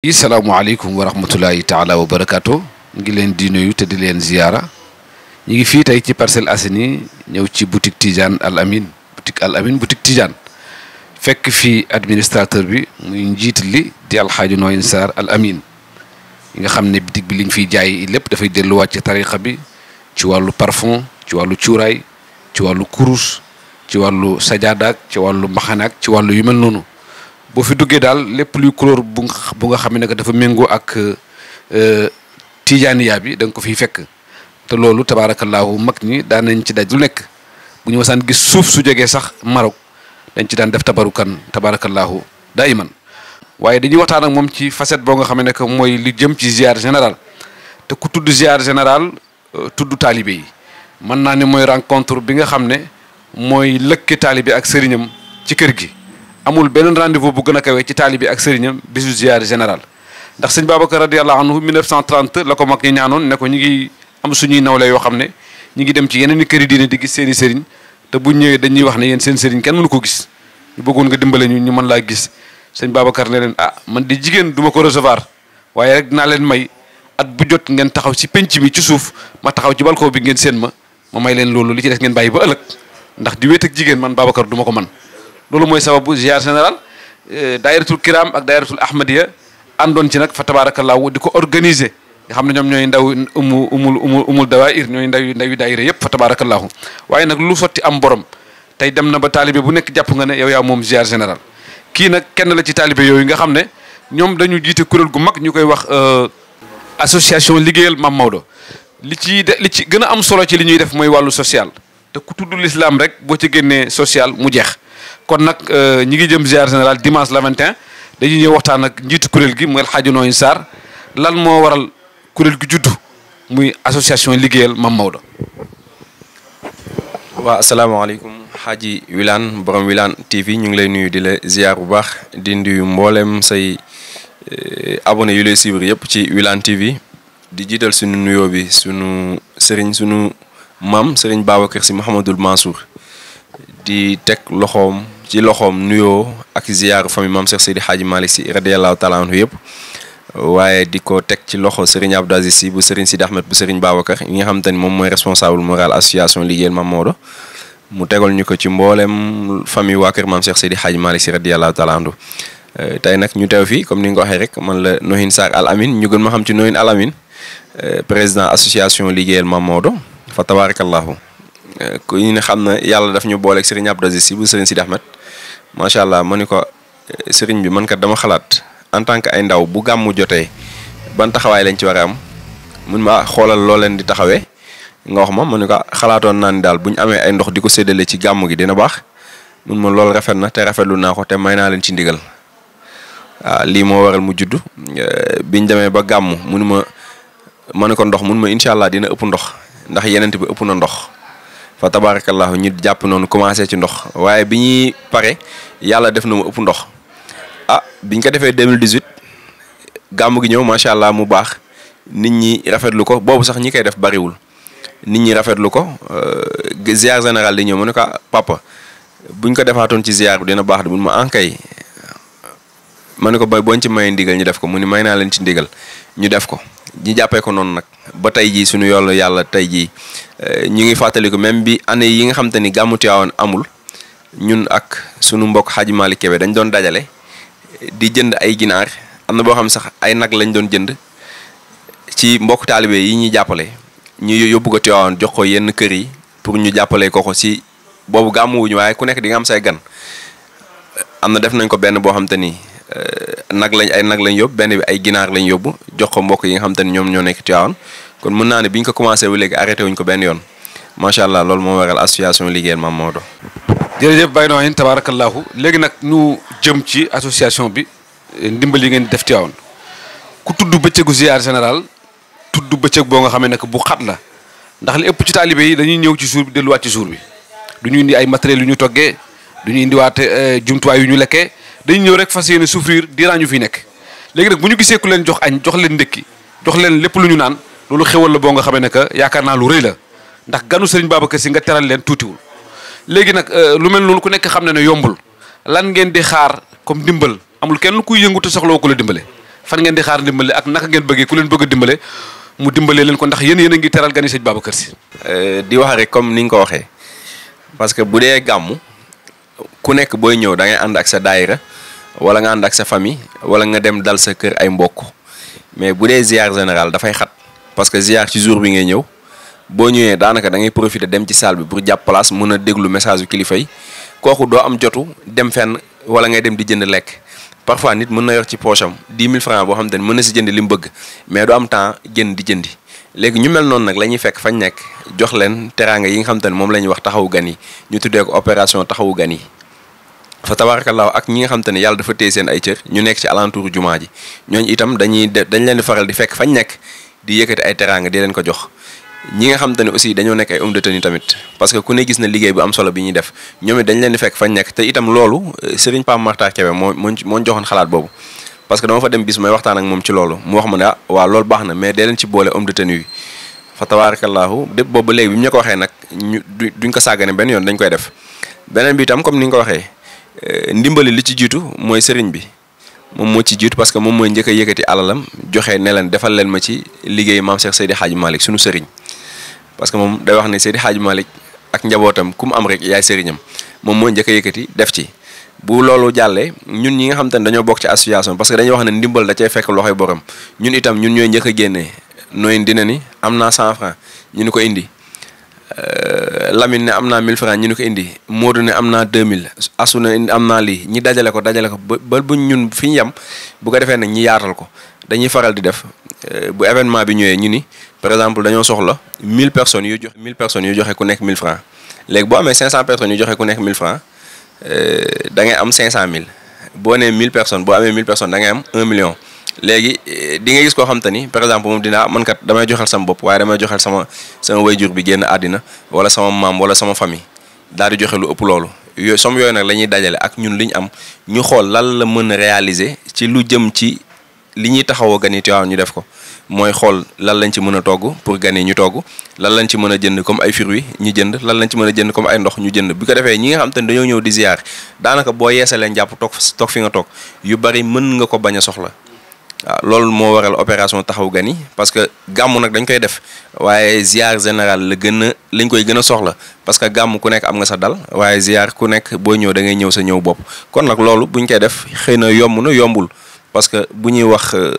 Assalamualaikum wa taala wa barakaatu ngi len di nuyu te di len ziyara ñu ngi fi tay ci parcel asini ñew ci boutique Tidiane Al amin. boutique Al amin boutique Tidiane fekk fi administrateur bi muy njiit li di hadji Nooyin Sarr Al amin. nga xamne boutique bi liñ fi jaay da fay delu wacc bi ci walu parfum ci walu ciuray ci walu kurus ci walu sajadak ci walu mbaxanaak ci walu yu mel nonu bo fi duggé dal lepp luy couleur bu bu nga xamné dafa mengo ak ya bi da ko fi fekk te loolu tabarakallah mak ni da nañ ci daj lu nek bu ñu wasan gis suuf su jógee sax marok dañ ci daan def tabarukan tabarakallah daiman waye dañu waxtaan ak mom ci facette bo nga xamné ne moy li jëm ci ziar général te ku tuddu ziar général euh, tuddu talibé yi man na ni moy rencontre bi nga xamné moy lekk talibé ak serignam ci kër gi amul beneen rendez bu gën a kawe ci taalibi ak sëriñam bisu ziyaar général ndax sëñ Babacar radiyallahu anhu 1930 la ko mag ñi ñaanoon ne ko ñu ngi am suñuy nawle yoo xam ne ñu ngi dem ci yeneen i këri diine di gis seeni sëriñ te bu ñëwee dañuy wax ne yéen seen sëriñ kenn mënu ko gis ñu bëggoon nga dimbale ñu ñu man laa gis sëñ Babacar ne leen ah man di jigéen duma ko recevoir waaye rek dinaa leen may at bu jot ngeen taxaw ci penc mi ci suuf ma taxaw ci balcon bi ngeen ma ma may leen loolu li ci des ngeen bàyyi ba ëllëg ndax di wéet ak jigéen man Babacar duma ko man loolu mooy sababu ziar général euh, daayiratul kiram ak daayiratul ahmadiya àndoon ci nag fa tabaarakallaahu di ko organiser xam ne ñoom ñooy ndaw umu umul umul umul dawaayir ñooy ndaw yu ndaw yu daayira yëpp fa tabaarakallaahu waaye nag lu sotti am borom tey dem na ba taalibe bu nekk jàpp nga ne yow yaa moom ziar général kii nag kenn la ci taalibe yooyu nga xam ne ñoom dañu jiite kuréel gu mag ñu koy wax euh, association liggéeyal Mame Maodo li ci de li ci gën a am solo ci li ñuy def mooy wàllu social te ku tudd lislaam rek boo ci génnee social mu jeex kon nag euh, ñi ngi jëm ziar général dimanche le 21 dañuy ñëw waxtaan ak njiitu kuréel gi muy El Hadj Nooyin lan moo waral kuréel gi juddu muy association liggéeyal Mame Maodo. waa asalaamaaleykum Hadji Wilane borom Wilane TV ñu ngi lay nuyu di la ziar bu baax di nuyu mboolem say euh, abone yu lay suivre yëpp ci Wilane TV di jiital suñu nuyoo bi sunu sëriñ sunu maam sëriñ Babacar si Mouhamadul Mansour di teg loxoom. ci loxoom nuyoo ak ziaru famille maam Cheikh Seydi xaaj Malick Sy radiyallahu taala anhu yëpp waaye di ko teg ci loxo Serigne Abdou Aziz Sy bu Serigne Sidi Ahmed bu Serigne Babacar nga xam te ni moom mooy responsable moral association liggéeyal Mame Maodo mu tegal ñu ko ci mboolem famille waa kër maam Cheikh Seydi Hadji Malick Sy radiyallahu taala anhu euh, nag ñu teew fii comme ni nga ko waxee rek man la Nohine Sarr Al ñu gën ma xam ci Nohine Al Amin euh, président association liggéeyal Mame Maodo fa tabarakallahu euh, ku daf ñu booleeg Serigne Abdou Aziz Sy bu Serigne Sidi macha allah mu ni ko eh, sëriñ bi man kat dama xalat en tant que ay ndaw bu gamu joté ban taxaway lañ ci wara am mun ma ah, xolal lo len di taxawé nga wax ma mu ni ko ah, xalaatoon naa ni daal bu ay ndox di ko ci gamu gi dina bax mun ma lol rafet na te rafetlu naa ko te may naa ci ndigal waaw ah, lii waral mu judd eh, biñ démé ba gamu mun ma ma ko ndox mun ma inshallah dina ëpp ndox ndax yenen bi ëpp na ndox fa tabarakallahu ñu jàpp noonu commencé ci ndox waaye bi ñuy pare yàlla def na mu ëpp ndox ah biñ ko defee 2018 gàmm gi ñëw macha allah mu baax nit ñi rafetlu ko boobu sax ñi koy def bariwul nit ñi rafetlu ko euh, ziar général di ñëw mu nekka ko ah, papa buñ ko defaatoon ci ziar bi dina baax de mun ma ankay ah, ma ne ko ba boñ ci may ndigal ñu def ko mu ni may naa leen ci ndigal ñu def ko ñu jàppee ko noonu nag ba tey jii suñu yoolu yàlla tey jii eh, ñu ngi fàttaliku même bi année yi nga xam te ni gàmmu Tiwaawan amul ñun ak sunu mbokk Xaaji Maalik Kebe dañ doon dajale eh, di jënd ay ginaar am na boo xam sax ay nag lañ doon jënd ci mbokk taalibe yi ñuy jàppale ñu yóbbu ko Tiwaawan jox ko yenn kër yi pour ñu jàppale ko ko si boobu gàmmuwuñu waaye ku nekk di nga am say gan eh, am na def nañ ko benn boo xam te ni Euh, nag lañ ay nag lañ yóbbu benn bi ay ginaar lañ yóbbu jox ko mbokk yi nga xam te ne ñoom ñoo nekk Tivaouane kon mën naa ne biñ ko commencé ba léegi arrêté ko benn yoon macha allah loolu moo waral association liggéeyal Mame Maodo. jërëjëf Baye Nooyin tabaarakallaahu léegi nag ñu jëm ci association bi eh, ndimbali yi ngeen di def Tivaouane ku tudd bëccëgu ziar général tudd bëccëg boo nga xamee ne bu xat la ndax li ëpp ci taalibe yi dañuy ñëw ci jour bi delluwaat ci jour bi du ñu indi ay matériels yu ñu toggee du ñu indiwaat eh, jumtuwaay yu ñu lekkee dañ ñëw rek fasiyene souffrir di rañu fi nek légui nak buñu gisé ku leen jox añ jox leen ndekki jox leen lepp luñu naan lolu xewal la bo nga xamé nak yaakar na lu reuy la ndax ganu si nga teral leen wul légui nak euh, lu mel lolu ku nek xamné na yombul lan ngeen di xaar comme dimbal amul kenn ku yëngu te soxla ko la dimbale fan ngeen di xaar dimbale ak naka ngeen bëggé ku leen bëgg dimbalé mu dimbale leen ko ndax yeen yeen ngi teral gani sëriñ Babacar si euh, di wax rek comme ni nga waxé parce que gamu ku nekk booy ñëw dangay ngay ànd ak sa daayira wala nga ànd ak sa famille wala nga dem dal sa kër ay mbokk mais bu dee ziar général dafay xat parce que ziar ci jour bi ngay ñëw boo ñëwee daanaka da ngay profiter dem ci salle bi pour jàpp place mën a déglu message kilifa yi kooku doo am jotu dem fenn wala ngay dem di jënd lekk parfois nit mën na yor ci poche am 10 000 francs boo xam te mën na si jënd li mu bëgg mais du am temps génn di jëndi léegi ñu mel noonu nag la ñuy fekk fañ nekk jox leen teraanga yi nga xam te ne moom la ñuy wax taxawu gan yi ñu tuddee ko opération taxawu gan yi fa tabaarakallaahu ak ñi nga xam te ne yàlla dafa téye seen ay cër ñu nekk ci alentour jumaa ji ñooñ itam dañuy dañ leen faral di fekk fañ nekk di yëkkati ay teraanga di leen ko jox ñi nga xam te ne aussi dañoo nekk ay homme tamit parce que ku ne gis na liggéey bu am solo bi ñuy def ñoom it dañ leen fekk fañ nekk te itam loolu euh, Serigne Pape Makhtar Kébé moo moo moo joxoon xalaat boobu parce que dama fa dem bis may waxtaan ak moom ci loolu mu wax ma ne ah waaw loolu baax na mais dee leen ci boole homme de tenue yi fa tabaarakallaahu dépp boobu ba léegi bi mu ñu ko waxee nag ñu duñ ko sàggane benn yoon dañ koy def beneen bi itam comme ni nga ko waxee euh, ndimbali li ci jiitu mooy sëriñ bi moom moo ci jiitu parce que moom mooy njëkk a yëkkati alalam joxe ne leen defal leen ma ci liggéey maam Cheikh Seydi Hadj Malick suñu sëriñ parce que moom day wax ne Seydi Hadj Malick ak njabootam ku mu am rek yaay sëriñam moom mooy njëkk a yëkkati def ci bu loolu jàllee ñun ñi nga xam te ne dañoo bokk ci association parce que dañuy wax ne ndimbal da cay fekk loxoy borom ñun itam ñun ñooy njëkk génnee nooy dina ni am na 100 francs ñu ni ko indi euh, Lamine ne am naa 1000 francs ñu ni ko indi Modou ne am naa 2000 asu ne am naa lii ñi dajale ko dajale ko ba bu ñun fi ñu yem ko defee nag ñi yaatal ko dañuy faral di def euh, bu événement bi ñëwee ñu ni par exemple dañoo soxla 1000 personnes yu joxe ku nekk 1000 francs léegi boo amee 500 personnes yu joxe ku nekk 1000 francs Euh, da ngay am mille boo nee mille personne boo amee 1000 personnes da am 1 million. léegi euh, di gis koo xam ni par exemple moom dinaa man kat damay joxel sama bopp waaye damay joxel sama sama jur bi génn àddina wala sama maam wala sama famille daal di joxe lu ëpp loolu. yooyu som yooyu nag la ñuy dajale ak ñun li ñu am ñu xool lan la mën a réaliser ci lu jëm ci. li ñuy taxawoo gan yi Tiwaawan ñu def ko mooy xool lan lañ ci mën a togg pour gan ñu togg lan lañ ci mën a jënd comme ay fruits ñu jënd lan lañ ci mën a jënd comme ay ndox ñu jënd bi ko defee ñi nga xam te ne dañoo boo yeesalee jàpp toog toog fi nga toog yu bari mën nga ko bañ a soxla waaw loolu moo waral opération taxaw gan parce que gàmm nag dañ koy def waaye ziar général la gën a lañ koy gën a soxla parce que gàmm ku nekk am nga sa dal waaye ziar ku nekk boo ñëw da ngay ñëw sa ñëw bopp kon nag loolu buñ koy def xëy na yomb na yombul parce que bu ñuy wax euh,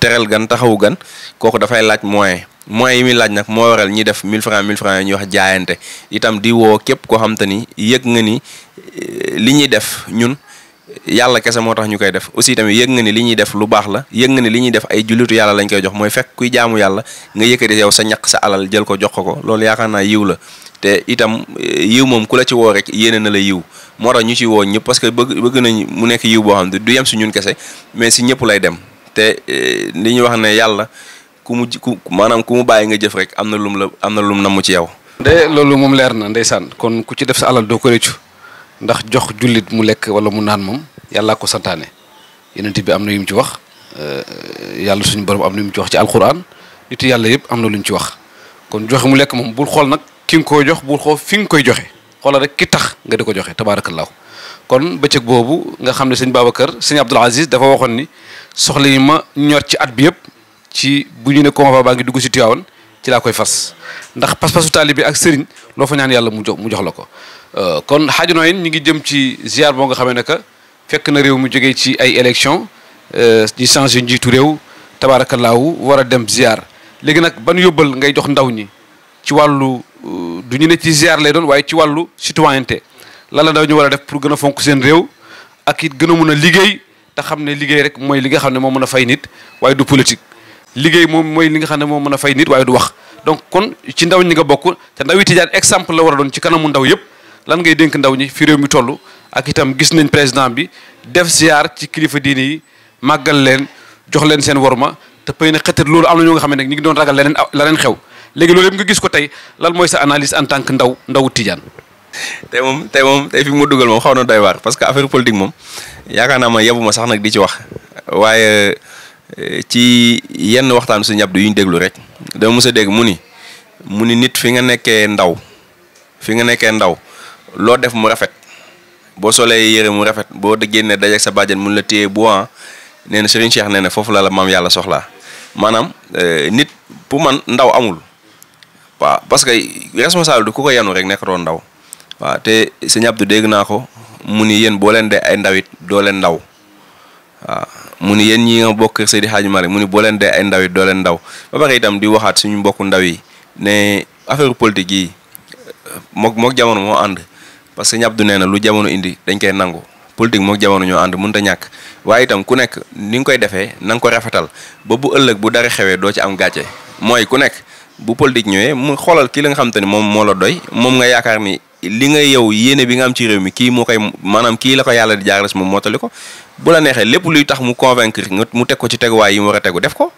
teral gan taxawu gan kooku dafay laaj moyen moyen yi muy laaj nag moo waral ñi def mille francs mille francs yi ñuy wax jaayante itam di woo képp koo xam ni yëg nga ni euh, li ñuy def ñun. yàlla kese moo tax ñu koy def aussi tamit yëg nga ni li ñuy def lu baax la yëg nga ni li ñuy def ay jullitu yàlla lañ koy jox mooy fekk kuy jaamu yàlla nga yëkkati yow sa ñaq sa alal jël ko jox ko ko loolu yaakaar naa yiw la te itam eh, yiw moom ku la ci woo rek yéene na la yiw moo tax ñu ci woo ñëpp parce que bëgg bëgg nañ mu nekk yiw boo xam ne du yem ñun kese mais si ñëpp lay dem te eh, li ñuy wax ne yàlla ku mu ku maanaam ku mu bàyyi nga jëf rek am na lum la am na lum namm ci yow. loolu moom leer na ndeysaan kon ku ci def sa alal doo ko rëccu ndax jox jullit mu lekk wala mu naan moom yàllaa ko santaane yenent bi am na yu mu ci wax euh, yàlla suñu borom am na yu mu ci wax ci alquran nitu yàlla yëpp am na lu ñu ci wax kon joxe mu lekk moom bul xool nag ki nga koy jox bul xool fi nga koy joxe xoola rek ki tax nga di ko joxe tabaarakallaahu kon bëccëg boobu nga xam ne sëñ Babacar sëñ Abdul Aziz dafa waxoon ni soxla yi ma ñor ci at bi yëpp ci bu ñu ne Komafa baa ngi dugg si Tiwaawan ci laa koy fas ndax pas-pasu bi ak sëriñ loo fa ñaan yàlla mu jox mu jox la ko Euh, kon xaaju nooyin ñu ngi jëm ci ziar boo nga xamee ne que fekk na réew mu jógee ci ay élection ñi euh, changé njiitu réew tabaarakallaahu war a dem ziar léegi nag ban yóbbal ngay jox ndaw ñi ci wàllu euh, du ñu ne ci ziar lay doon waaye ci wàllu citoyenneté lan la ndaw ñu war a def pour gën fonk seen réew ak it gën a mun a liggéey te xam ne liggéey rek mooy li nga xam ne moo mën a fay nit waaye du politique liggéey moom mooy li nga xam ne moo mën a fay nit waaye du wax donc kon ci ndaw ñi nga bokk te ndaw yi tijaan war a doon ci kanamu ndaw yëpp lan ngay denk ndaw ñi fi réew mi toll ak itam gis nañ président bi def ziar ci kilifa diini yi màggal leen jox leen seen worma te peyna na loolu am na ñoo nga xamne nak ñi ngi doon ragal leneen leneen xew léegi loolu nga gis ko tay lan moy sa analyse en tant que ndaw ndaw Tidiane. tey mom tey mom tey fi mu dugal mom xawna doy war parce que affaire politique mom yaakaar ma yabuma sax nak di ci wax waye eh, ci yenn waxtaan su abdu yu ñu déglu rek dama mos a dégg muni nit fi nga nekké ndaw fi nga nekké ndaw. loo def mu rafet boo solee yére mu rafet boo génnee dajeeg sa bàjjen mun la téye bu ah nee na Serigne Cheikh foofu la la maam yàlla soxla maanaam euh, nit pour man ndaw amul waaw parce que responsable du ku ko yanu rek nekkatoo ndaw waaw te sëñ Abdou dégg naa ko mu ni yéen boo leen dee ay ndawit doo leen ndaw waaw mu ni yéen ñi nga bokk Seydi xaaj Malick mu ni boo leen dee ay ndawit doo leen ndaw ba pare itam di waxaat suñu mbokku ndaw yi ne affaire politique yi mook mook jamono moo ànd parce que ñàpp du nee na lu jamono indi dañ koy nangu politique mook jamono ñoo ànd mënut a ñàkk waaye itam ku nekk ni koy defee na nga ko rafetal ba bu ëllëg bu dara xewee doo ci am gàcce mooy ku nekk bu politique ñëwee mu xoolal ki la nga xam ne moom moo la doy moom nga yaakaar ni li nga yow yéene bi nga am ci réew mi kii moo koy maanaam kii la ko yàlla di jaarale si moom mootali ko bu la neexee lépp luy tax mu convaincre nga mu teg ko ci teguwaay yi mu war a tegu def ko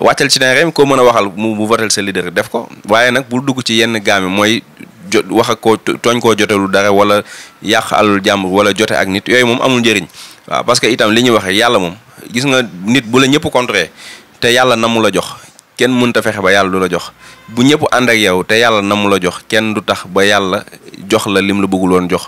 wàccal ci terrain ko koo mën a waxal mu votel sa leader def ko waaye nag bu dugg ci yenn gaame mooy jo wax ak ko tooñ koo jotelu dara wala yàq alul jàmbur wala jote ak nit yooyu moom amul njëriñ waa parce que itam li ñuy waxee yàlla moom gis nga nit bu la ñëpp contré te yàlla na mu la jox kenn mënut a fexe ba yàlla du la jox bu ñëpp ànd ak yow te yàlla na mu la jox kenn du tax ba yàlla jox la lim la bëggul woon jox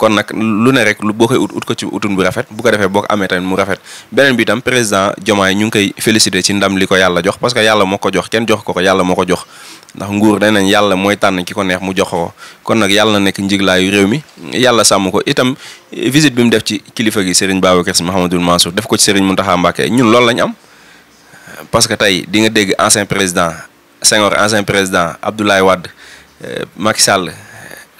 kon nag lu ne rek lu boo koy ut ut ko ci utun bu rafet bu ko defee boo ko amee tamit mu rafet beneen bi itam président Diomaye ñu ngi koy féliciter ci ndam li ko yàlla jox parce que yàlla moo ko jox kenn jox ko ko yàlla moo ko jox ndax nguur day nañ yàlla mooy tànn ki ko neex mu jox ko kon nag yàlla na nekk njiglaayu réew mi yàlla sàmm ko itam visite bi mu def ci kilifa gi Serigne Babacar Sy Mouhamadoul Mansour def ko ci Serigne Mountakha Mbacké ñun loolu lañ am parce que tey di nga dégg ancien président Senghor ancien président Abdoulaye Wade euh, Macky Sall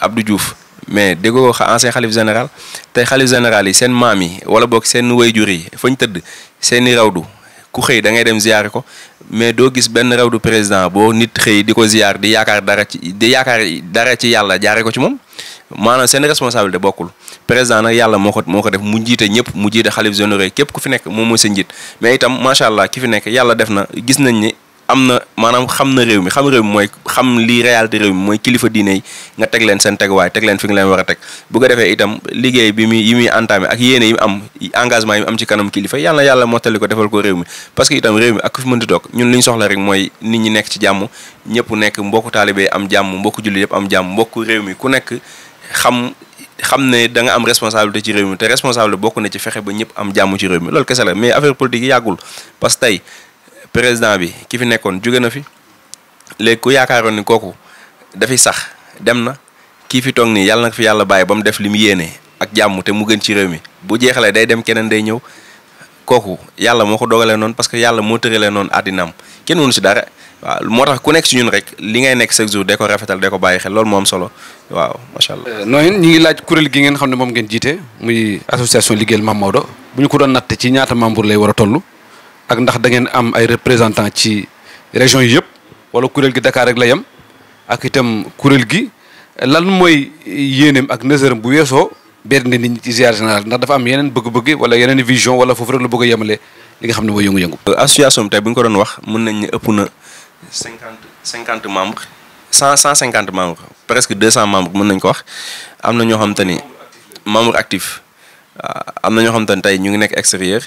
Abdou Diouf mais déggoo xa ancien xalif général tey xalif général yi seen maam yi wala boog seen way jur yi fañ tëdd seeni i rawdu ku xëy da ngay dem ziyaar ko mais doo gis benn raw du président boo nit xëy di ko ziyaar di yaakaar dara ci di yaakaar dara ci yàlla jaare ko ci moom maanaam seen responsabilité bokkul président nag yàlla moo ko moo ko def mu jiite ñëpp mu jiite xalif généraux képp ku fi nekk moom mooy sa njiit mais itam macha allah ki fi nekk yàlla def na gis nañ ni am na maanaam xam na réew mi xam réew mi mooy xam li réalité réew mi mooy kilifa diine yi nga teg leen seen teguwaay teg leen fi nga leen war a teg bu ko defee itam liggéey bi muy yi muy entamé ak yéene yi mu am engagement yi am ci kanam kilifa yàlla na yàlla mottali ko defal ko réew parce que itam réew mi ak ku fi mënti toog ñun li ñu soxla rek mooy nit ñi nekk ci jàmm am jàmm mbokku julli yëpp am jàmm mbokku réew mi ku nekk xam xam ne da nga am responsabilité ci réew mi te responsable bokk na ci fexe ba ñëpp am jàmm ci réew mi loolu ke la mais affaire politique yi yàggul parce président bi ki fi nekkoon jóge na fi léegi ku yaakaaroon ni kooku dafi sax dem na kii fi toog nii yàlla na fi yàlla bàyyi ba mu def li mu yéenee ak jàmm te mu gën ci réew mi bu jeexalee day dem keneen day ñëw kooku yàlla moo ko dogalee noonu parce que yàlla moo tëralee noonu àddinaam kenn mënu si dara waaw moo tax ku nekk si ñun rek li ngay nekk chaque jour day ko rafetal day ko bàyyi xel loolu moom solo waaw macha allah. Euh, nooy ñu ngi laaj kuréel gi ngeen xam ne moom ngeen jiite muy association liggéeyal Mame bu ñu ko doon natt ci ñaata membre lay war a ak ndax da ngeen am ay représentant ci région yi yëpp wala kurel gi Dakar ak la yam ak itam kurel gi lan moy yéeneem ak nësëram bu weesoo benn nit ci ziar général ndax dafa am yenen bëgg-bëgg wala yenen vision wala fofu rek la bëgg yamalé li nga xam ne mooy yëngu-yëngu. association tay buñ ko doon wax mën nañ ni ëpp na 50 50 membres 100 150 membres presque 200 membres mën nañ ko wax amna ño xam tane membres actifs ah, amna ño xam tane tay ñu ngi nek extérieur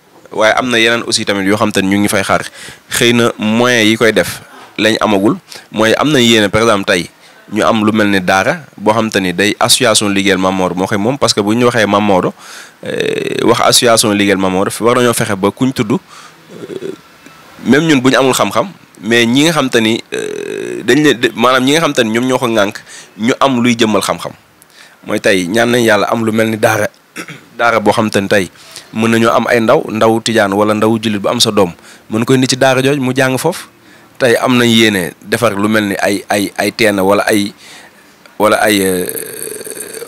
waaye am na yeneen aussi tamit yoo xam te ñu ngi fay xaar xëy na moyens yi koy def lañ amagul mooy am na yéene par exemple tey ñu am lu mel ni daara boo xam ni day association liggéeyal Mame moo koy moom parce que bu ñu waxee Mame Mor eh, wax association liggéeyal Mame Mor war nañoo fexe ba kuñ tudd eh, même ñun bu ñu amul xam mais ñi nga xam te ni eh, dañ leen maanaam ñi nga xam ni ñoom ñoo ko ŋànk ñu am luy jëmmal xam mooy tey ñaan nañ yàlla am lu mel ni daara daara boo xam te ni tey mën nañoo am ay ndaw ndaw tijaan wala ndaw jullit bu am sa doom mën koy nit ci daara jooj mu jàng foofu tey am nañ yéene defar lu mel ni ay ay ay teen wala ay wala ay euh,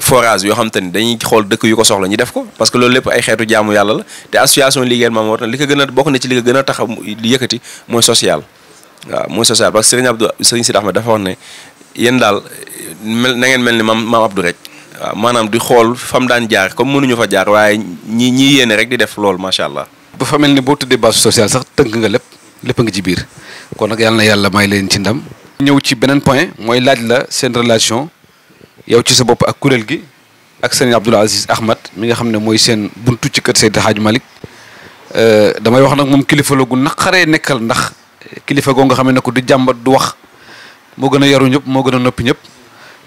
forage yoo xam te ni dañuy xool dëkk yu ko soxla ñu def ko parce que loolu lépp ay xeetu jaamu yàlla la te association liggéeyal maam war na li ko gën a bokk na ci li ko gën a tax li yëkkati mooy social waaw mooy social parce que Serigne Abdou Serigne Sidi Ahmed dafa wax ne yéen daal mel na ngeen mel ni maam maam Abdou rek waaw maanaam di xool fam daan jaar comme mënuñu fa jaar waaye ñii ñi yéene rek di def loolu macha allah. bu fa mel ni boo tuddee base sociale sax tënk nga lépp lépp nga ci biir kon nag yàlla na yàlla may leen ci ndam. ñëw ci beneen point mooy laaj la seen relation yow ci sa bopp ak kuréel gi ak sëriñ Abdoul Aziz Ahmad mi nga xam ne mooy seen buntu ci kër Seydi Hadj Malick euh, damay wax nag moom kilifa la gu naqaree nekkal ndax kilifa goo nga xam ne ko du jàmbat du wax moo gën a yaru ñëpp moo gën a noppi ñëpp.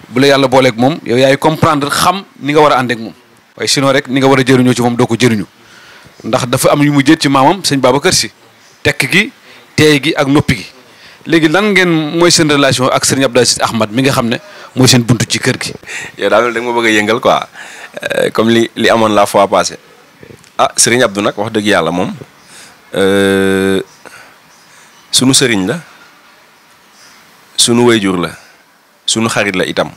bu la yàlla booleek moom yow yaay comprendre xam ni nga war a àndeek moom waaye sinon rek ni nga war a jëriñoo ci moom doo ko jëriñu ndax dafa am yu mu jët ci maamam sëñ kër Si tekk gi teey gi ak noppi gi léegi lan ngeen mooy seen relation ak sëriñ Abdou Aziz Ahmad mi nga xam ne mooy seen buntu ci kër gi. yow daal da bëgg a yëngal quoi euh, comme li li amoon la fois passée ah sëriñ Abdou nag wax dëgg yàlla moom euh, sunu sëriñ la sunu jur la. suñu xarit la itam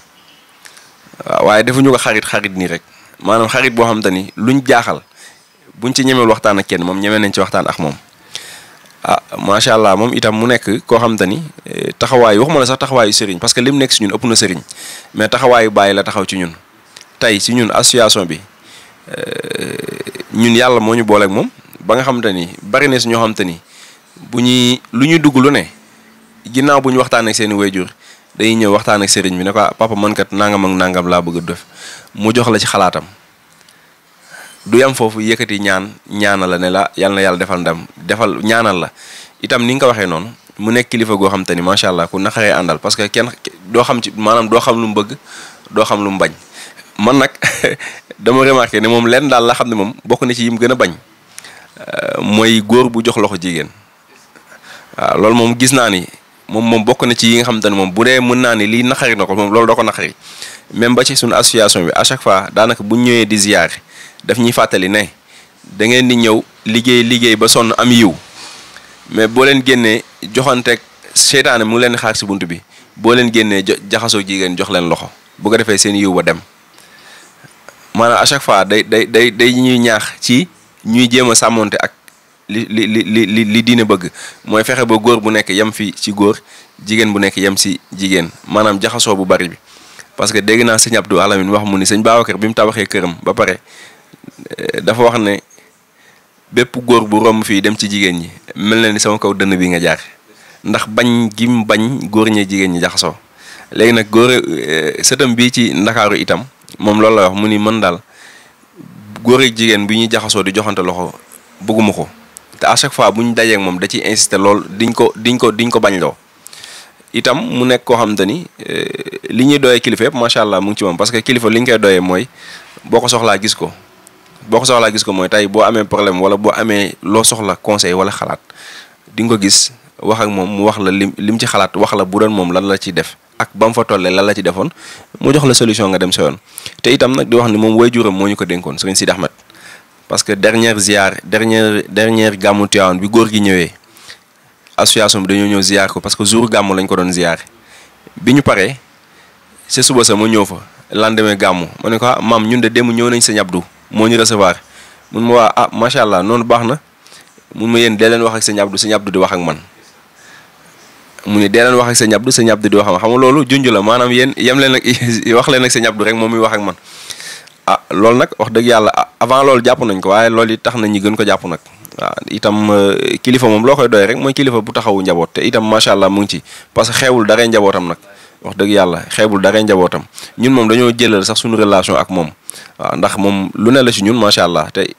waaw waaye defuñu ko xarit xarit nii rek maanaam xarit boo xam ni luñ jaaxal buñ ci ñemeel waxtaan ak kenn moom ñemee nañ ci waxtaan ak moom. ah macha allah moom itam mu nekk koo xam te ni eh, taxawaay waxuma la sax taxawaayu sëriñ parce que lim nekk si ñun ëpp na sëriñ mais taxawaayu bàyyi la taxaw ci ñun tey si ñun association bi eh, ñun yàlla moo ñu booleek moom ba nga xam ni bari na si ñoo xam ni bu ñuy lu ñuy dugg lu ne ginnaaw bu ñu waxtaan ak seen i wayjur day ñëw waxtaan ak sëriñ bi ne ko ah, papa man kat nangam ak nangam laa bëgg a def mu jox la ci xalaatam du yam foofu yëkkati ñaan ñaanal la ne la yàlla na yàlla defal ndam defal ñaanal la itam ni nga ko waxee noonu mu nekk kilifa goo xam te ni macha allah ku naqaree àndal parce que kenn doo xam ci maanaam doo xam lu mu bëgg doo xam lu mu bañ man nag dama remarqué ne moom lenn daal la xam ne moom bokk na ci yim gën a bañ euh, mooy góor bu jox loxo jigéen waaw moom gis naa ni. moom moom bokk na ci yi nga xamante ne moom bu dee mën naa ne lii naqari na ko moom loolu da ko naqari même ba ci suñu association bi à chaque fois daanaka bu ñëwee di ziyaar daf ñuy fàttali ne da ngeen di ñëw liggéey liggéey ba sonn am yiw mais boo leen génnee joxanteeg seytaane mu leen xaar si bunt bi boo leen génnee jaxasoo jigéen jox leen loxo bu ko defee seen yiw ba dem maanaam à chaque fois day day day day ñuy ñaax ci ñuy jéem a sàmmonte ak li li li li li diine bëgg mooy fexe ba góor bu nekk yem fi ci góor jigéen bu nekk yem si jigéen maanaam jaxasoo bu bari bi parce que dégg naa sëñ Abdou Alamin wax mu ni sëñ Babacar bi mu tabaxee këram ba pare eh, dafa wax ne bépp góor bu romb fii dem ci jigéen ñi mel na ni sama kaw dënn bi nga jaar ndax bañ gi mu bañ góor ñee jigéen ñi jaxasoo léegi nag góor eh, sëtam bii ci ndakaaru itam moom loolu la wax mu ni mën daal góor ak jigéen bi ñuy jaxasoo di joxante loxo bëgguma ko te à chaque fois bu ñu dajee ak moom da ci insister lool diñ ko diñ ko diñ ko bañ loo itam mu nekk koo xamante ni euh, li ñuy doyee kilifa yëpp macha allah mu ngi ci moom parce que kilifa li ñu koy doyee mooy boo ko soxlaa gis ko boo ko soxlaa gis ko mooy tey boo amee problème wala boo amee loo soxla conseil wala xalaat di nga ko gis wax ak moom mu wax la lim lim ci xalaat wax la bu doon moom lan la ciy def ak ba mu fa tollee lan la ci defoon mu jox la solution nga dem sa yoon te itam nag di wax ni moom moo ñu ko dénkoon Serigne Sidi Ahmed parce que dernière ziar dernière dernière gàmmu Tiwaawan bi góor gi ñëwee association bi dañoo ñëw ziar ko parce que jour gàmmu lañ ko doon ziar bi ñu paree si suba sa ma ñëw fa lendemain gàmmu ma ne ko ah maam ñun de mu ñëw nañ sëñ Abdou moo ñu recevoir mun ma waa ah macha allah noonu baax na mun ma yéen dee leen wax ak sëñ Abdou sëñ Abdou di wax ak man. mu ne dee leen wax ak sëñ Abdou wax ak xam nga loolu junj la maanaam yéen yem leen ak wax leen ak sëñ Abdou rek moom muy wax ak man ah loolu nag wax dëgg yàlla ah, avant loolu jàpp nañ ko waaye loolu it tax na ñi gën ko jàpp nag waaw ah, itam euh, kilifa moom loo koy doy rek mooy kilifa bu taxawu njaboot te itam macha allah mu ngi ci parce que xeebul daree njabootam nag wax dëgg yàlla xeebul daree njabootam ñun moom dañoo jëlal sax suñu relation ak moom waaw ah, ndax moom lu ne la si ñun macha allah te euh,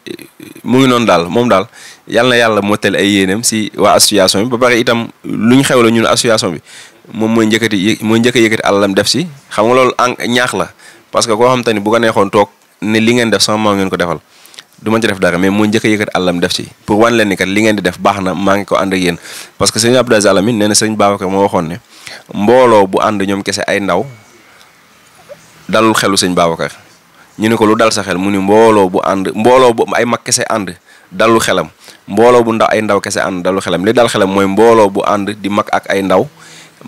mu ngi noonu daal moom daal yal na yàlla mottali ay yéenam si waa bi ba pare itam lu ñu xew ñun association bi moom mooy njëkkati mooy njëkk a yëkkati alalam def si xam nga loolu en ñaax la parce que koo xam te ni bu neexoon toog ne li ngeen def sama maa ngeen ko defal du ma ci def dara mais mo ñëk yëkkat Allah def ci pour wan leen ni kat li ngeen di def baxna ma ngi ko and ak yeen parce que sëñ Abdou Aziz Alamine neena na Babacar ne mbolo bu and ñom kesse ay ndaw dalul xelu sëñ Babacar ñu ne ko lu dal sa xel mu ni mbolo bu and mbolo bu ay mak kesse and dalu xelam mbolo bu ndaw ay ndaw kesse and dalu xelam li dal xelam moy mbolo bu and di mak ak ay ndaw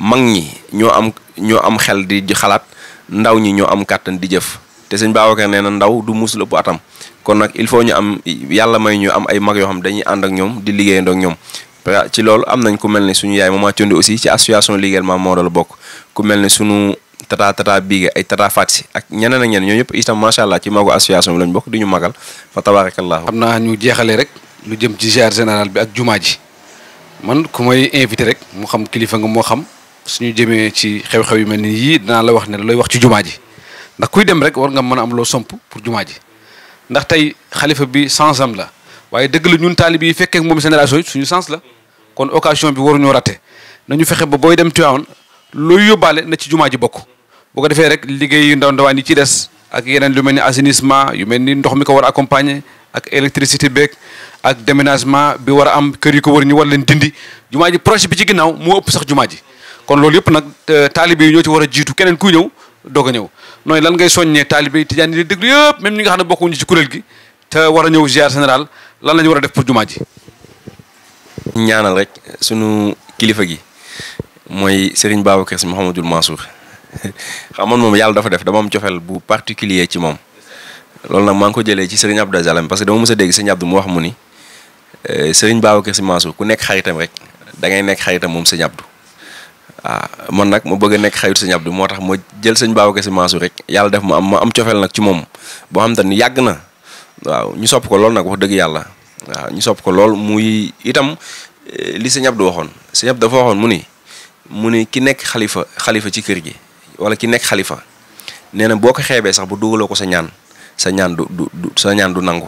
mag ñi ño am ño am xel di xalat ndaw ñi ño am katan di jëf te sëñ a nee na ndaw du muus lu ëpp atam kon nag il faut ñu am yàlla may ñu am ay mag yoo xam dañuy ànd ak ñoom di liggéeyandoo ak ñoom ci loolu am nañ ku mel ne suñu yaay Mama Thiondi aussi ci association liggéeyal Maam Maodo bokk ku mel ne suñu tata tata biige ay tata fatsi ak ñeneen ak ñeneen ñoo ñëpp itam macha allah ci magu association bi lañ bokk di ñu magal fa tabarakallah am naa ñu jeexale rek lu jëm ci ziar général bi ak jumaa ji man ku may invité rek mu xam kilifa nga moo xam suñu jëmee ci xew-xew yu mel ni yii dinaa la wax ne looy wax ci jumaa ji ndax kuy dem rek war nga mën a am loo somp pour jumaa ji ndax tey xalifa bi sens la waaye dëgg la ñun taalib yi fekkee moom génération suñu sens la kon occasion bi waruñoo raté nañu fexe ba booy dem Tivaouane looy yóbbaale na ci jumaa ji bokk bu ko defee rek liggéey yu ndaw ndawaan yi des ak yeneen lu mel ni assainissement yu mel ni ndox ko war a accompagner ak électricité beeg ak déménagement bi war a am kër yi ko war ñu war leen jumaa ji projet bi ci ginnaaw moo ëpp sax jumaa ji kon loolu yëpp nag euh, taalib yi ñoo ci war a jiitu keneen kuy ñëw doog a ñëw nooy lan ngay soññee taalibe yi tijaan yi di déglu yëpp même ñi nga xam ne bokkuñu ci kuréel gi te war a ñëw ziar lan la ñu war a def pour jumaa ji. ñaanal rek sunu kilifa gi mooy Serigne Babacar Sy Mouhamadul Mansour xam man moom yàlla dafa def dama am cofeel bu particulier ci moom loolu nag maa ngi ko jëlee ci Serigne Abdou Azalam parce que dama mës a dégg Serigne Abdou mu wax mu ni eh, Serigne Babacar Sy Mansour ku nekk xaritam rek da ngay nekk xaritam moom Serigne Abdou. ah man nak mo bëgg nek nekk xayut Abdou motax mo jël sëñ Babacar Sy Mansour rek yalla def ma am am ciofel nak ci mom bo xam tan ni na waaw ñu sopp ko lool nak wax dëgg yalla waaw ñu sopp ko lool muy itam eh, li sëñ Abdou waxon sëñ Abdou dafa waxon mu ni mu ni ki nek khalifa khalifa ci kër gi wala ki nek khalifa neena boko xébé sax bu dugaloo ko sa ñaan sa ñaan du du sa ñaan du nangu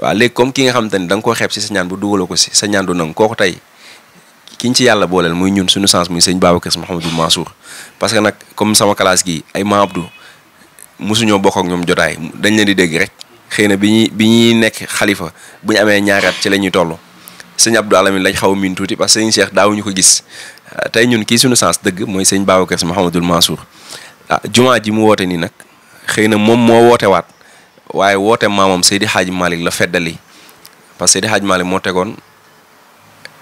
waaw léegi comme ki nga xam tan dang ko xép ci sa ñaan bu ko ci sa ñaan du nangu koku tay ki ci yàlla booleel muy ñun suñu sens muy sëñ Babacar Sy Mouhamadou Mansour parce que nag comme sama classe gi ay ma Abdou mosuñoo bokk ak ñoom jotaay dañ leen di dégg rek xëy na bi ñuy bi ñuy nekk xalifa bu ñu amee ñaaraat ci la ñuy toll sëñ Abdou Alamin lañ xaw a miin tuuti parce que sëñ Cheikh daawuñu ko gis euh, tey ñun kii suñu sens dëgg mooy sëñ Babacar Sy Mouhamadou Mansour ah jumaa ji mu woote nii nag xëy na moom moo woote waat waaye woote maamam Seydi Hadj Malick la feddali parce que Seydi Hadj Malick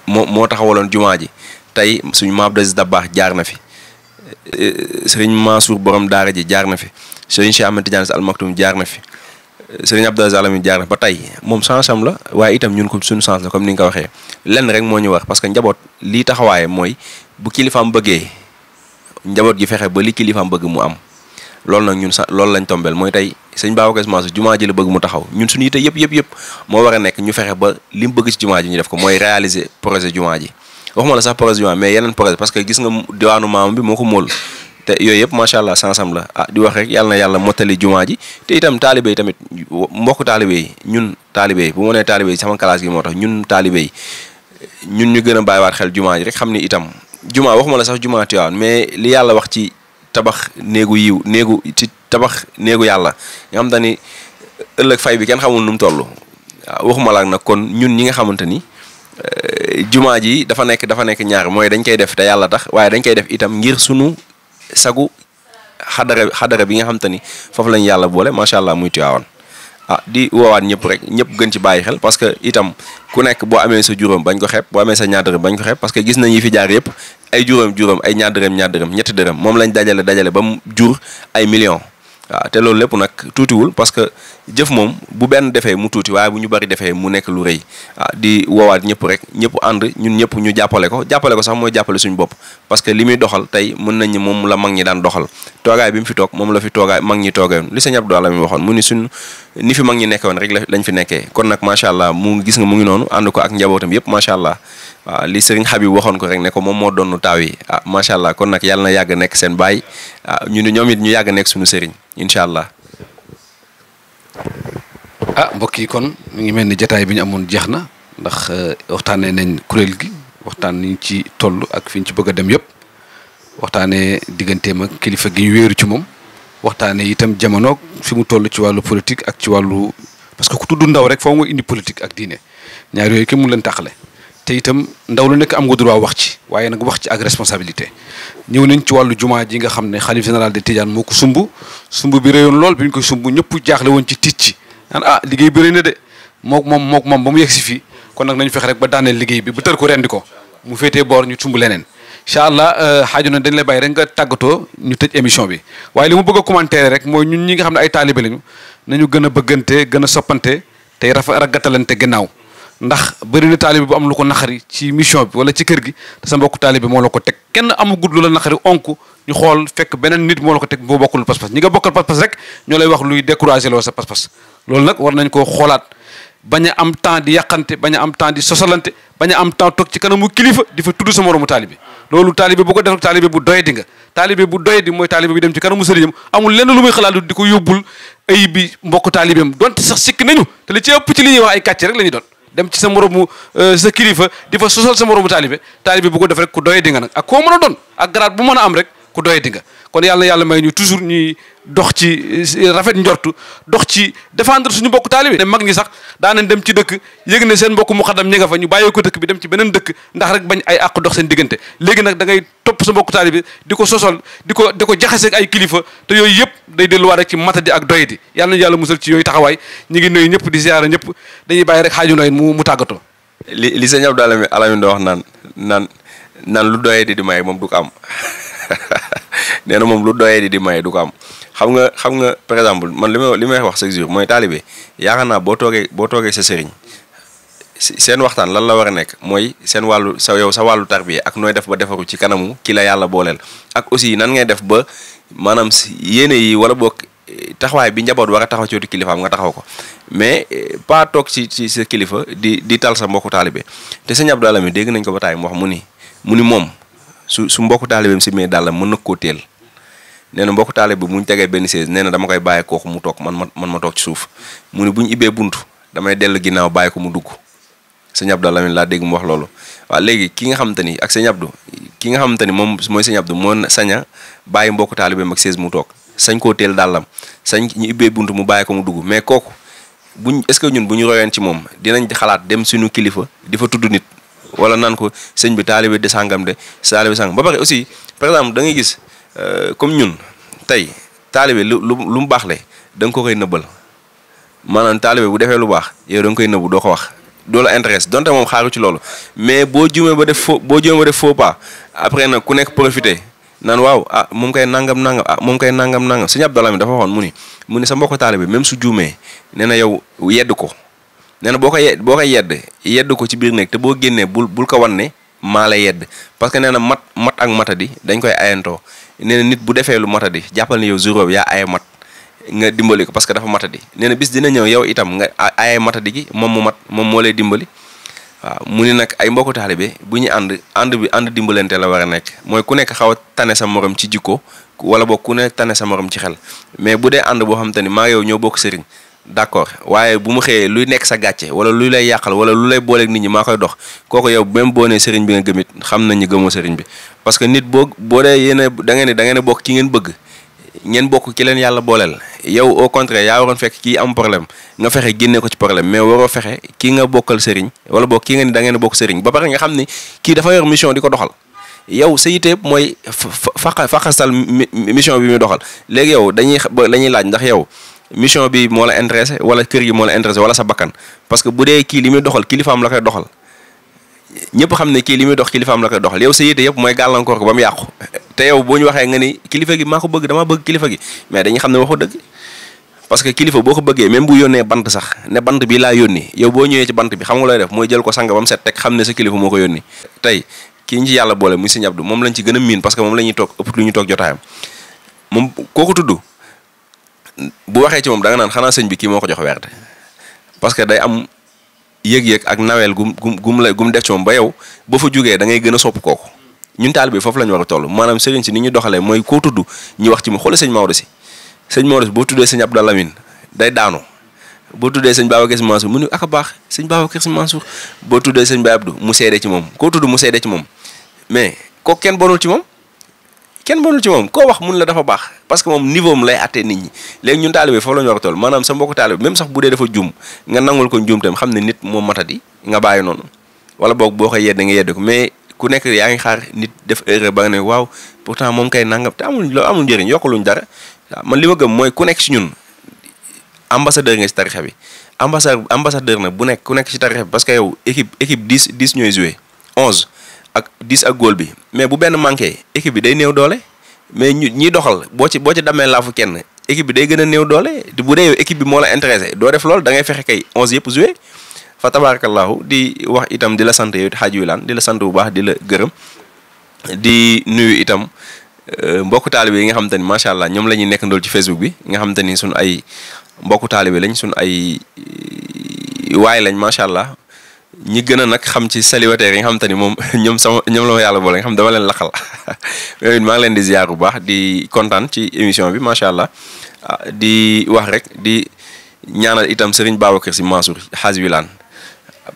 moo moo taxawaloon jumaa ji tey suñu maam Abdou Aziz Dabakh jaar na fi eh, eh, sëriñ Mansour borom daara ji jaar na fi sëriñ Cheikh Ahmed Tidiane Al Maktoum jaar na fi eh, sëriñ Abdou Aziz Alamin jaar na ba tey moom chance am la waaye itam ñun ko suñu chance la comme ni nga ko waxee lenn rek moo ñu wax parce que njaboot lii taxawaaye mooy bu kilifaam bëggee njaboot gi fexe ba li kilifaam bëgg mu am loolu nag ñun sa loolu lañ tombeel mooy tey sëñ Babacar Mansour jumaa ji la bëgg mu taxaw ñun suñu yite yëpp yëpp yëpp moo war a nekk ñu fexe ba li bëgg ci jumaa ji ñu def ko mooy réaliser projet jumaa ji waxuma la sax projet jumaa mais yeneen projet parce que gis nga diwaanu maam bi moo ko móol te yooyu yëpp macha la ah di wax rek yàlla na yàlla mottali jumaa ji te itam tamit mbokk taalibe yi ñun taalibe yi ma nee taalibe sama classe gi moo tax ñun taalibe yi ñun ñu gën a bàyyiwaat xel jumaa ji rek xam ni itam jumaa waxuma la sax jumaa Tiwaawan mais li yàlla wax ci tabax néegu yiw néegu ci tabax néegu yàlla nga xam te ni ëllëg fay bi kenn xamul nu mu toll waaw waxuma laak nag kon ñun ñi nga xamante ni eh, jumaa ji dafa nekk dafa nekk ñaar mooy dañ koy def te yàlla tax waaye dañ koy def itam ngir sunu sagu xadara xadara bi nga xam te ni foofu lañ yàlla boole macha allah muy tuyaawoon ah di woowaat ñëpp rek ñëpp gën ci bàyyi xel parce que itam ku nekk boo amee sa juróom bañ ko xeeb boo amee sa ñaar dërëm bañ ko xeeb parce que gis nañu fi jaar yëpp ay juróom-juróom ay ñaar dërëm ñaar dërëm ñetti dërëm moom lañ dajale dajale ba mu jur ay millions waaw te loolu lépp nag tuutiwul parce que jëf moom bu benn defee mu tuuti waaye bu ñu bari defee mu nekk lu rëy waaw di woowaat ñëpp rek ñëpp ànd ñun ñëpp ñu jàppale ko jàppale ko sax mooy jàppale suñ bopp parce que li muy doxal tey mën nañ moom la mag ñi daan doxal toogaay bi mu fi toog moom la fi toogaay mag ñi toogayoon li sëñ Abdou Lamin waxoon mu ni suñ ni fi mag ñi nekkoon rek lañ fi nekkee kon nag macha allah mu gis nga mu ngi noonu ànd ko ak njabootam yëpp macha waaw ah, li Serigne Habib waxoon ko rek ne ko moom moo doonu taaw yi ah macha allah kon nag na yàgg nekk sen baay ah ñu ne ñoom it ñu yàgg nekk suñu Serigne incha ah mbokk yi kon mi ngi mel ni jataay bi ñu amoon jeex na ndax eh, waxtaanee nañ kuréel gi waxtaan niñ ci toll ak fi ñu ci bëgg a dem yëpp waxtaanee digganteem ak kilifa gi ñu wéeru ci moom waxtaanee itam jamono fi mu ci politique ak ci wàllu parce que ku tudd ndaw rek foo nga indi politique ak diine ñaar yooyu ke mu leen te itam ndaw lu nekk am nga droit wax ci waaye nag wax ci ak responsabilité ñëw nañ ci wàllu jumaa ji nga xam ne xalif général de Tidiane moo ko sumb sumb bi réyoon lool bi ñu koy sumb ñëpp jaaxle woon ci tiit ci naan ah liggéey bi rëy na de mook moom mook moom ba mu yegg si fii kon nag nañu fexe rek ba daaneel liggéey bi bu tër ko rendi ko mu féetee boor ñu sumb leneen incha allah euh, xaaju na dañu lay bàyyi rek nga tàggatoo ñu tëj émission bi waaye li mu bëgg a rek mooy ñun ñi nga xam ne ay taalibe lañu nañu gën a bëggante gën a soppante tey rafa ragatalante gannaaw ndax bëri na taalibe bu am lu ko naxari ci mission bi wala ci kër gi te sa mbokku moo la ko teg kenn amu gudd lu la naxari onk ñu xool ko teg boo bokkul pas-pas ñi nga bokkal pas-pas rek ñoo lay loolu nag war nañ koo xoolaat am temps di yàqante a am temps di sosalante bañ a am temps toog kanamu kilifa di fa tudd sa moromu taalibe loolu taalibe bu ko def taalibe bu doy di nga taalibe bu doy di mooy taalibe bi dem ci kanamu sëriñam amul lenn lu muy xalaat di ko yóbbul ay bi mbokk taalibeem donte sax sikk nañu te li ci ëpp ci li ñuy wax ay kàcce rek la ñuy doon dem ci sa moromu euh, sa kilifa di fa sosal sa moromu taalibe taalibe bu ko def rek ku doye di nga nag ak koo mën a doon ak garaat bu mën a am rek ku doye di nga kon yàlla yàlla may ñu toujours ñuy dox ci eh, rafet njortu dox ci défendre suñu mbokk taalibe ne mag ñi sax daanañ dem ci dëkk yëg ne seen mbokk mu xadam ñi nga fa ñu bàyyee ko dëkk bi dem ci beneen dëkk ndax rek bañ ay àq dox seen diggante léegi nag da topp sa mbokk taalibe di ko sosol di ko di ko jaxase ak ay kilifa te yooyu yëpp day delluwaat rek ci matadi ak doyadi yàlla nañu yàlla musal ci yooyu taxawaay ñi ngi nuyu ñëpp di ziara ñëpp dañuy bàyyi rek xaaju nooy mu mu tàggatoo li li sëñ Abdou Alamine Alamine do wax naan naan naan lu doyadi di may moom du ko am nee mom lu doye di di may du ko am xam nga xam nga par exemple man limay limay wax chaque jour moy talibé yaakaar naa boo toogee boo toogee sa serigne sen waxtan lan la wara nek moy sen walu sa yow sa walu tarbiya ak noy def ba defaru ci kanamu ki la yalla bolel ak aussi nan ngay def ba manam yene yi wala bok eh, taxway bi njabot wara taxaw ci kilifa nga taxaw ko mais eh, pa tok ci ci ce kilifa di di tal sa mbokku talibé te seigne Abdou Alamine dégg nañ ko bataay mu wax muni muni mom su su mbokku taalibeem si mee dàllam mën na koo teel nee na mbokku taalibe bu ñu tegee benn chaise dama koy bàyyi kooku mu tok man man ma tok ci suuf mu ni bu ibé buntu bunt damay dellu ginnaw bàyyi ko mu dugg sëñ Abdou Lamine la dégg mu wax lolu wa léegi ki nga xamante ak sëñ Abdou ki nga xamante ni moom mooy Abdou mo saña bàyyi mbokku talibam ak chaise mu tok sañ ko teel dalam sañ ñu ibé buntu mu bàyyi ko mu dugg mais buñ est-ce que ñun buñu ci mom dinañ xalaat dem suñu kilifa di tuddu nit wala naan ko sëñ bi taalibe de sàngam de taalibe sàngam ba pare aussi par exemple da ngay gis euh, comme ñun tey taalibe lu lu lu mu baax le da nga ko koy nëbbal maanaam taalibe bu defee lu baax yow da nga koy nëbbu doo ko wax doo la intéresse donte moom xaaru ci loolu mais boo juumee ba def faux boo juumee ba def faux pas après na ku nekk profité naan waaw ah moom koy nangam nangam ah moom koy nangam nangam sëñ Abdallah mi dafa waxoon mu ni mu ni sa mbokk taalibe même su juumee nee na yow yedd ko nee na boo ko boo ko yedd yedd ko ci biir néeg te boo génnee bul bul ko wan ne maa la yedd parce que nee na mat mat ak matadi dañ koy ayantoo nee na nit bu defee lu matadi jàppal ne yow zéro bi yaa aye mat nga dimbali ko parce que dafa matadi nee na bis dina ñëw yow itam nga aye matadi gi moom mu mat moom moo lay dimbali. waaw mu ni nag ay mbokku bi bu ñu ànd ànd bi ànd dimbalante la war a nekk mooy ku nekk xaw a tane sa morom ci jikko wala boog ku ne tane sa morom ci xel mais bu dee ànd boo xam te ni maa yow ñoo bokk sëriñ d'accord waaye bu mu xëyee luy nekk sa gàcce wala lu lay yàqal wala lu lay booleek nit ñi maa koy dox kooku yow même boo nee sëriñ bi nga gëmit xam nañu gëmoo sëriñ bi parce que nit boo boo dee yéen da ngeen ne da bokk ki ngeen bëgg ngeen bokk ki leen yàlla booleel yow au contraire yaa waroon fekk kii am problème nga fexe ci problème mais waroo fexe kii nga bokkal sëriñ wala bokk ki nga ni bokk sëriñ ba pare nga xam ni kii dafa yor mission di ko doxal yow sa yite mooy faqa faqasal mission bi muy doxal léegi yow dañuy lañuy laaj ndax yow mission bi moo la intéressé wala kër gi moo la intéressé wala sa bakkan parce que bu dee kii li muy doxal kilifaam la koy doxal ñëpp xam ne kii li muy dox kilifaam la koy doxal yow sa yite yëpp mooy gàllankoor ko ba mu yàqu boo ñu waxee nga ni kilifa gi maa ko bëgg damaa bëgg kilifa mais dañuy xam ne waxu dëgg parce que kilifa boo ko bëggee même bu yónnee bant sax ne bant bi laa yónni yow boo ñëwee ci bant bi xam nga looy def mooy jël ko sang ba mu set teg xam ne sa kilifa moo ko yónni tey kii ñu ci yàlla boole muy moom lañ ci gën a miin parce que moom la ñuy toog ëpp lu ñu toog jotaayam moom kooku tudd bu waxee ci moom danga naan xanaa sëñ bi kii moo ko jox werde parce que day am yëg-yëg ak naweel gum gum gum la gum def ci moom ba yow boo fa jógee da ngay gën a sopp kooku ñun taalibe foofu la ñu war toll maanaam sëriñ si ni ñu doxalee mooy koo tudd ñu wax ci mu xoole sëñ Maodo si sëñ Maodo si boo tuddee sëñ Abdou Lamine day daanu boo tuddee sëñ Babacar Si Mansour mu ni ak a baax sëñ Babacar Si Mansour boo tuddee sëñ Baye Abdou mu seede ci moom koo tudd mu seede ci moom mais kooku kenn bonul ci moom kenn bonul ci moom koo wax mun la dafa baax parce que moom niveau am lay àttee nit ñi léegi ñun taalibe foofu la ñu war a toll maanaam sa mbokku sax bu dee dafa jum nga nangul ko jum tam xam ne nit moom matadi nga bàyyi noonu wala boog boo koy yedde nga yedde ko mais ku nekk yaa ngi xaar nit def erreur ba nga ne waaw pourtant moom kay nangam te amul loo amul njëriñ yokkaluñ dara waaw man li ma gëm mooy ku nekk si ñun ambassadeur nga si tarixa bi ambassadeur ambassadeur nag bu nekk ku nekk si tarixa parce que yow équipe équipe dix dix ñooy ak 10 ak góol bi mais bu benn manqué équipe bi day néew doole mais ñu ñiy doxal boo ci boo ci damee laafu kenn équipe bi day gën a néew doole bu dee yow équipe bi moo la intéressé doo def loolu da ngay fexe kay 11 yëpp joué fa tabarakallahu di wax itam di la sant yow xaaj wi laan di la sant bu baax di la gërëm di nuyu itam euh, mbokku taalibe yi nga xamante ni macha allah ñoom la ñuy nekk ndool ci Facebook bi nga xamante ni sunu ay mbokku taalibe lañ sun ay waay lañ macha ñi gën a nag xam ci célibataire yi nga xam tani moom ñoom sama ñoom la ma yàlla boole nga xam dama leen laxal yooyu maa leen di ziar bu baax di kontaan ci émission bi macha allah ah, di wax rek di ñaanal itam Serigne Babacar si Mansour hazwilan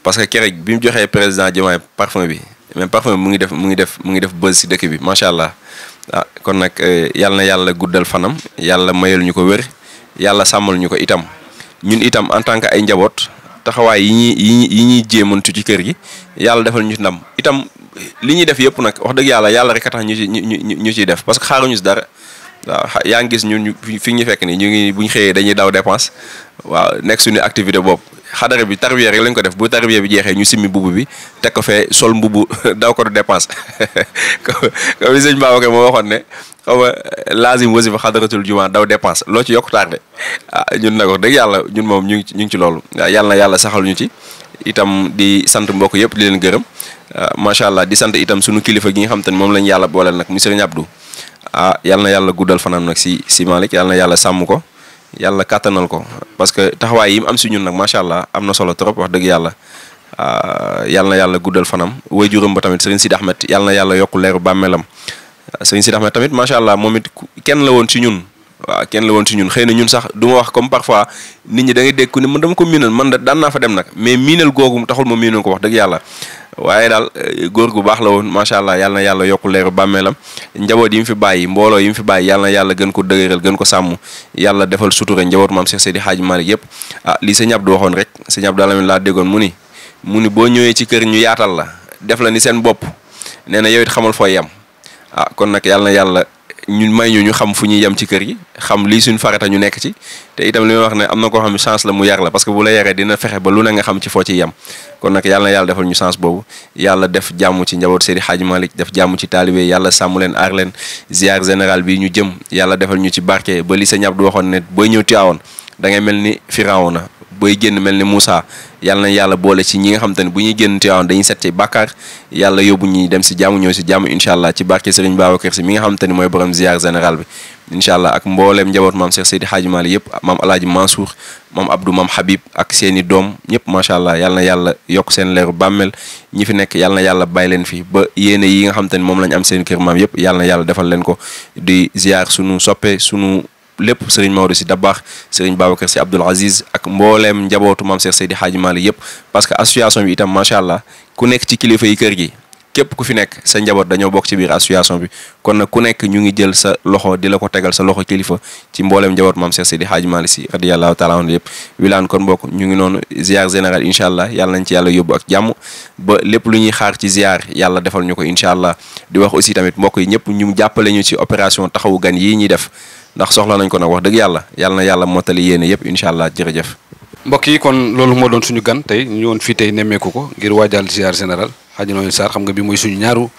parce que keroog bi mu joxee président parfum bi mais parfum mu ngi def mu ngi def mu ngi def buzz si dëkk bi macha allah konak ah, kon nag euh, yàlla na yàlla guddal fanam yàlla mayal ñu ko wér yàlla sàmmal ñu ko itam ñun itam en tant que ay njaboot taxawaay yi ñuy yi ñuy yi ñuy jéemantu ci kër gi yàlla defal ñu ci ndam itam li ñuy def yëpp nag wax dëgg yàlla yàlla rek a tax ñu ci ñu ñu ñu ciy def parce que xaaruñu si dara waaw yaa ngi gis ñun ñu fi ñu fekk nii ñu ngi bu ñu xëyee dañuy daw dépense waaw nekk suñu activité boobu. xadara bi tarbiya rek lañ ko def bu tarbiya bi jeexee ñu simmi mbubb bi teg ko fee sol mbubb daw ko du dépense comme li sëñ Babacar moo waxoon ne xaw ma laazim wasifa xadaratul juma daw dépense loo ci yokk tardé ah ñun nag wax dëgg yàlla ñun moom ñu ngi ñu ngi ci loolu ah, yàlla na yàlla saxal ñu ci itam di sant mbokk yëpp di leen gërëm ah, macha allah di sant itam sunu kilifa gi nga xam te ne moom lañ yàlla booleel nag monsieur Abdou ah yàlla na yàlla guddal fanaan nag si si Malick yàlla na yàlla sàmm ko. yàlla kàttanal ko parce que taxawaay yi mu am si ñun nag macha allah am na solo trop wax dëgg yàlla ah, yàlla na yàlla guddal fanam way juróom ba tamit Serigne Sidi Ahmed yàlla na yàlla yokk leeru bàmmeelam Serigne Sidi Ahmed tamit macha allah moom it kenn la woon si ñun. waaw kenn la woon si ñun xëy na ñun sax du ma wax comme parfois nit ñi da ngay dégg ku ne man dama ko miinal man da daan naa fa dem nag mais miinal googu taxul ma miinal ko wax dëgg yàlla waaye daal eh, góor gu baax la woon macha allah yàlla na yàlla yokku leeru bàmmeelam njaboot yi mu fi bàyyi mbooloo yim fi bàyyi yàlla yàlla gën ko dëgëral gën ko sàmm yàlla defal sutura njaboot maam Cheikh Seydi Hadji Malick yëpp ah li sëñ Abdou waxoon rek sëñ Abdou Lamine laa déggoon mu ni mu ni boo ñëwee ci kër ñu yaatal la def la ni seen bopp nee na yow it xamal fooy yam ah kon nag yàlla yàlla ñun may ñu ñu xam fu ñuy yem ci kër yi xam lii suñ farata ñu nekk ci te itam li may wax ne am na koo xam ne chance la mu yar la parce que bu la yaree dina fexe ba lu ne nga xam ci foo ci yem kon nag yàlla yàlla defal ñu chance boobu yàlla def jàmm ci njaboot Seydi Hadji Malick def jàmm ci taalibe yàlla sàmm leen aar leen ziar général bi ñu jëm yàlla defal ñu ci barke ba li sa ñab du waxoon ne booy ñëw Tiwaawoon da ngay mel ni Firawna booy génn mel ni Moussa yàlla na yàlla boole ci ñi nga xam te bu ñuy génn Tiwaawan dañuy set ci bàkkaar yàlla yóbbu ñuy dem si jàmm ñëw si jàmm incha allah ci barke Serigne Babacar si mi nga mooy borom ziar général bi incha allah ak mbooleem njaboot maam Cheikh Seydi Hadji Malick yëpp maam Alaaji Mansour maam Abdou maam ak seen doom ñëpp macha allah yàlla yàlla yokk seen leeru bàmmeel ñi fi nekk yàlla yàlla bàyyi leen fi ba yéene yi nga xam te ne moom lañ am seen kër maam yëpp yàlla yàlla defal leen ko di ziar sunu soppe sunu lépp sëriñ Maodo si Dabaax sëriñ Babacar si Abdoul Aziz ak mbooleem njabootu maam Cheikh Seydi Hadji Malick yëpp parce que association bi itam allah ku nekk ci kilifa yi kër gi képp ku fi nekk sa njaboot dañoo bokk ci biir association bi kon nag ku nekk ñu ngi jël sa loxo di la ko tegal sa loxo kilifa ci mbooleem njaboot maam Cheikh Seydi Hadji Malick si radiyallahu taala anhu yëpp wilaan kon bokk ñu ngi noonu général incha allah yàlla nañ ci yàlla yóbbu ak jàmm lépp lu ñuy xaar ci ziar yàlla defal ñu ko incha allah di wax aussi tamit mbokk yi ñëpp ñu jàppale ñu ci opération taxawu gan yi ñuy def ndax soxla nañ ko nag wax dëgg yàlla yàlla yàlla mottali yéene yëpp incha allah jërëjëf mbokk yi kon loolu moo doon suñu gan tey ñu woon fii tey nemmeeku ko ngir waajal ziar général Hadji Noël Sarr xam nga bi mooy suñu ñaaru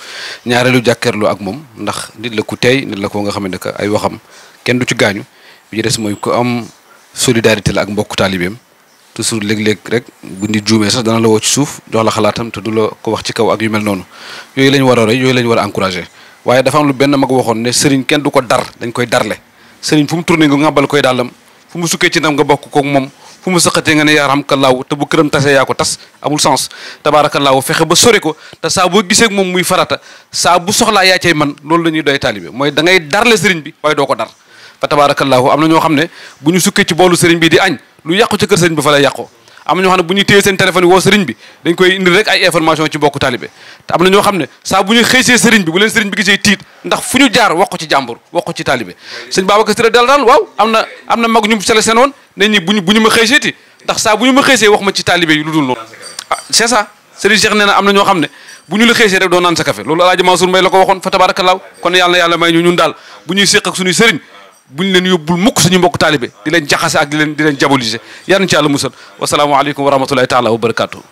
ñaareelu jàkkaarloo ak moom ndax nit la ku tey nit la ko nga xam ne ay waxam kenn du ci gaañu bi ci des mooy ku am solidarité la ak mbokku taalibeem toujours léeg-léeg rek bu nit juumee sax dana la woo ci suuf jox la xalaatam du la ko wax ci kaw ak yu mel noonu yooyu lañu war a roy yooyu lañ war a encouragé waaye dafa am lu benn mag waxoon ne sëriñ kenn du ko dar dañ koy darle sëriñ fu mu tourné nga ngàbbal koy dàllam fu mu sukkee ci ndam nga bokk kook moom fu mu saqatee nga ne yaaram kallaaw te bu këram tasee yaa ko tas amul sens tabaarakallaahu fexe ba sori ko te saa boo gisee moom muy farata saa bu soxlaa yaa cay man loolu la ñuy doy taalibe mooy da ngay darle sëriñ bi waaye doo ko dar fa tabaarakallaahu am na ñoo xam ne bu ñu sukkee ci boolu sëriñ bi di añ lu yàqu ci kër sëriñ bi fa lay yàqoo am na ñoo xam ne bu ñuy téye seen téléphone yi woo sëriñ bi dañ am ne saa bu ñu xëysee sëriñ jaar wax ko ci jàmbur wax ko ci taalibe sëñ Babacar Sylla dal daal waaw am ñu sele seen woon nañ ñi buñu bu ñu ma xëyseeti ndax ah, na am na ñoo xam ne bu ñu la xëysee rek doo naan sa loolu alaaji Mansour Mbaye la ko waxoon fa tabarakallaahu kon yàlla yàlla may ñu ñun daal bu ñuy séq ak suñuy buñ leen yóbbul mukk suñu mbokk taalibe di leen jaxase ak di leen di leen jaboliser yal nañu ci yàlla musal wasalaamualeykum wa rahmatullahi taala wa barakaatu.